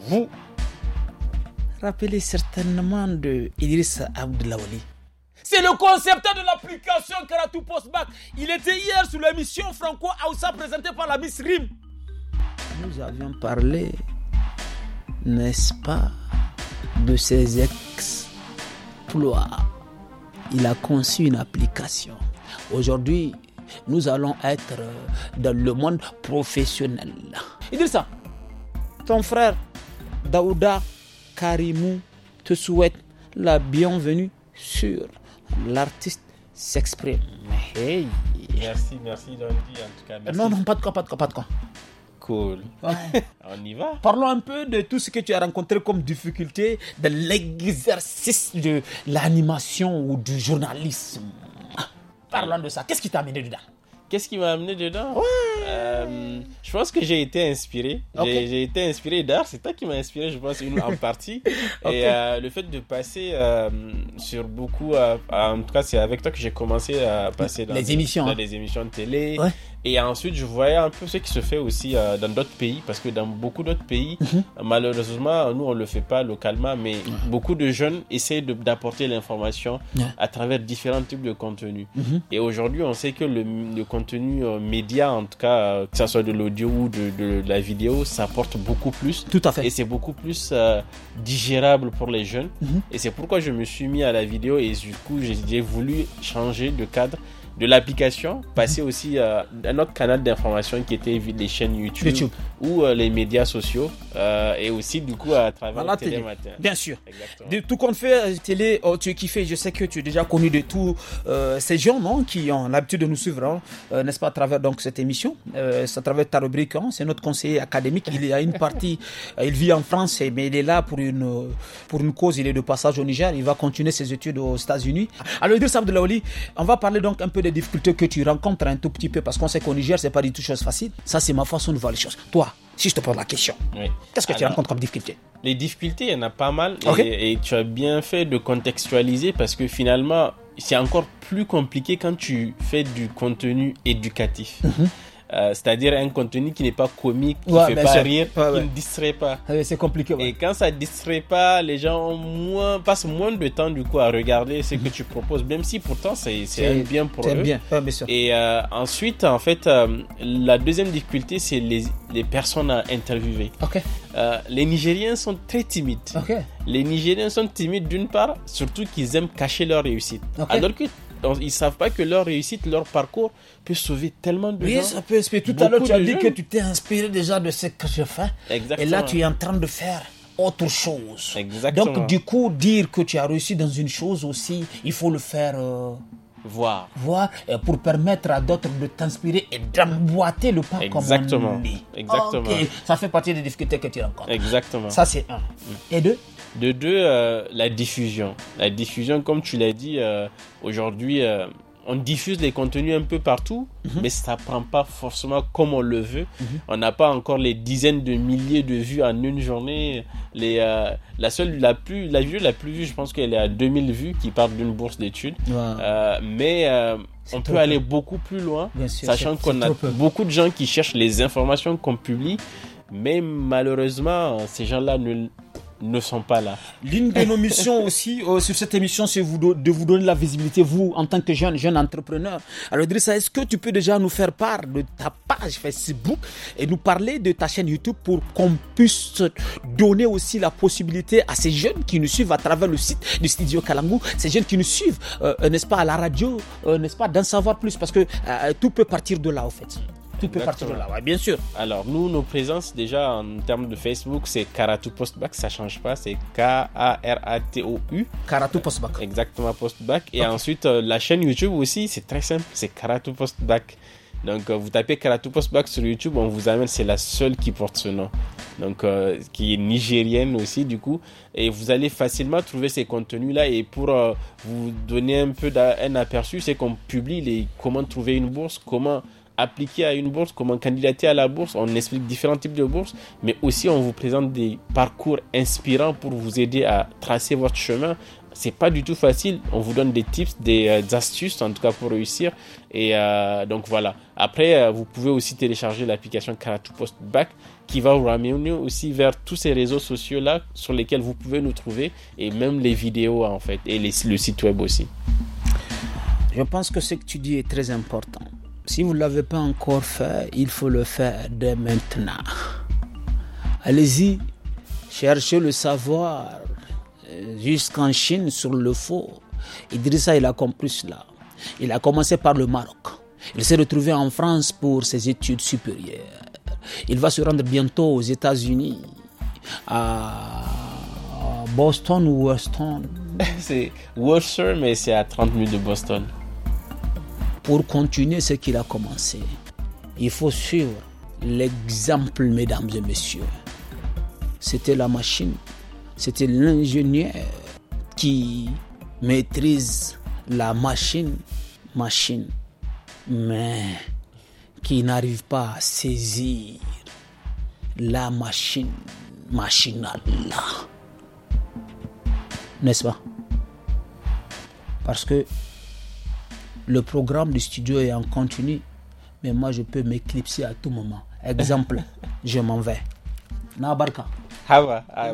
vous rappelez certainement de Idrissa C'est le concepteur de l'application Karatou Postbac. Il était hier sur l'émission Franco Aoussa présentée par la Miss Rim. Nous avions parlé, n'est-ce pas, de ses exploits. Il a conçu une application. Aujourd'hui, nous allons être dans le monde professionnel. Idrissa, ton frère Daouda Karimou te souhaite la bienvenue sur L'artiste s'exprime. Merci, merci en tout cas. Non, non, pas de quoi, pas de quoi, pas de quoi. Cool. On y va. Parlons un peu de tout ce que tu as rencontré comme difficulté de l'exercice de l'animation ou du journalisme. Parlons de ça. Qu'est-ce qui t'a amené dedans qu'est-ce qui m'a amené dedans ouais. Euh, je pense que j'ai été inspiré. J'ai été inspiré d'art. C'est toi qui m'as inspiré, je pense, en partie. Et euh, le fait de passer euh, sur beaucoup, en tout cas, c'est avec toi que j'ai commencé à passer dans les émissions, dans hein. les émissions de télé. Ouais. Et ensuite, je voyais un peu ce qui se fait aussi euh, dans d'autres pays, parce que dans beaucoup d'autres pays, mhm. malheureusement, nous, on ne le fait pas localement, mais beaucoup de jeunes essayent d'apporter l'information à travers différents types de contenus. Mhm. Et aujourd'hui, on sait que le, contenu euh, média, en tout cas, euh, que ce soit de l'audio ou de, de, la vidéo, ça apporte beaucoup plus. Tout à fait. Et c'est beaucoup plus digérable pour les jeunes. Mhm. Et c'est pourquoi je me suis mis à la vidéo et du coup, j'ai voulu changer de cadre de l'application, passer mhm. aussi à euh, un autre canal d'information qui était les chaînes YouTube, ou euh, les médias sociaux euh, et aussi du coup à travers la télé, Bien sûr. De tout qu'on fait télé, oh, tu es kiffé. Je sais que tu es déjà connu de tous ces gens non qui ont l'habitude de nous suivre, hein, n'est-ce pas, à travers donc cette émission, c'est à travers ta rubrique. Hein, c'est notre conseiller académique. Il y a une partie, il vit en France, mais il est là pour une pour une cause. Il est de passage au Niger. Il va continuer ses études aux États-Unis. Alors, Idriss laoli on va parler donc un peu des difficultés que tu rencontres un tout petit peu parce qu'on sait qu'au gère c'est pas du tout chose facile. Ça, c'est ma façon de voir les choses. Toi, si je te pose la question, qu'est-ce que tu rencontres comme difficulté Les difficultés, il y en a pas mal. Et, tu as bien fait de contextualiser parce que finalement, c'est encore plus compliqué quand tu fais du contenu éducatif. Mhm. Euh, c'est-à-dire un contenu qui n'est pas comique, qui ne fait pas rire, qui ne distrait pas. Ah c'est compliqué. Et quand ça ne distrait pas, les gens moins, passent moins de temps du coup à regarder ce que tu proposes, même si pourtant c'est c'est bien pour eux. Bien. bien sûr. Et euh, ensuite, en fait, euh, la deuxième difficulté, c'est les, les, personnes à interviewer. les Nigériens sont très timides. Les Nigériens sont timides d'une part, surtout qu'ils aiment cacher leur réussite. Alors que ils savent pas que leur réussite, leur parcours peut sauver tellement de gens. Oui, ça peut inspirer. Tout à l'heure, tu as dit que tu t'es inspiré déjà de ce que je fais. Exactement. Et là, tu es en train de faire autre chose. Exactement. Donc, du coup, dire que tu as réussi dans une chose aussi, il faut le faire. Euh, Voir. Voir euh, pour permettre à d'autres de t'inspirer et d'emboîter le pain Exactement. comme dit. Exactement. Ça fait partie des difficultés que tu rencontres. Exactement. Ça, c'est un. Et deux De deux, euh, la diffusion. La diffusion, comme tu l'as dit, euh, aujourd'hui, on diffuse les contenus un peu partout, mhm. mais ça prend pas forcément comme on le veut. Mhm. On n'a pas encore les dizaines de milliers de vues en une journée. Les, euh, la seule, la plus, la vue la plus vue, je pense qu'elle est à 2000 vues qui partent d'une bourse d'études. Euh, mais euh, on peut aller beaucoup plus loin, sachant qu'on a beaucoup de gens qui cherchent les informations qu'on publie. Mais malheureusement, ces gens-là ne, ne sont pas là. L'une de nos missions aussi euh, sur cette émission, c'est de vous donner la visibilité, vous, en tant que jeune, jeune entrepreneur. Alors, Drissa, est-ce que tu peux déjà nous faire part de ta page Facebook et nous parler de ta chaîne YouTube pour qu'on puisse donner aussi la possibilité à ces jeunes qui nous suivent à travers le site du studio Kalangu, ces jeunes qui nous suivent, euh, euh, n'est-ce pas, à la radio, n'est-ce pas, d'en savoir plus parce que tout peut partir de là, en fait peut partir là, bien sûr. Alors, nous, nos présences, déjà en termes de Facebook, c'est Karatu Postback, ça change pas, c'est K-A-R-A-T-O-U. Karatou Postback. Exactement, Postback. Et ensuite, euh, la chaîne YouTube aussi, c'est très simple, c'est Karatu Postback. Donc, euh, vous tapez Karatou Postback sur YouTube, on vous amène, c'est la seule qui porte ce nom. Donc, euh, qui est nigérienne aussi, du coup. Et vous allez facilement trouver ces contenus-là. Et pour vous donner un peu d'un aperçu, c'est qu'on publie les comment trouver une bourse, comment appliquer à une bourse, comment candidater à la bourse. On explique différents types de bourses, mais aussi on vous présente des parcours inspirants pour vous aider à tracer votre chemin. C'est pas du tout facile. On vous donne des tips, des, euh, astuces en tout cas pour réussir. Et euh, donc voilà. Après, euh, vous pouvez aussi télécharger l'application Karatu Back qui va vous ramener aussi vers tous ces réseaux sociaux là sur lesquels vous pouvez nous trouver et même les vidéos en fait et le site web aussi. Je pense que ce que tu dis est très important. Si vous ne l'avez pas encore fait, il faut le faire dès maintenant. Allez-y, cherchez le savoir euh, jusqu'en Chine sur le faux. Idrissa, il a compris cela. Il a commencé par le Maroc. Il s'est retrouvé en France pour ses études supérieures. Il va se rendre bientôt aux États-Unis, à Boston ou Weston. C'est Worcester, mais c'est à 30 minutes de Boston pour continuer ce qu'il a commencé. Il faut suivre l'exemple, mesdames et messieurs. C'était la machine, c'était l'ingénieur qui maîtrise la machine, machine, mais qui n'arrive pas à saisir la machine, machine N'est-ce pas Parce que le programme du studio est en continu, mais moi je peux m'éclipser à tout moment. Exemple, je m'en vais. Na barka. Ah,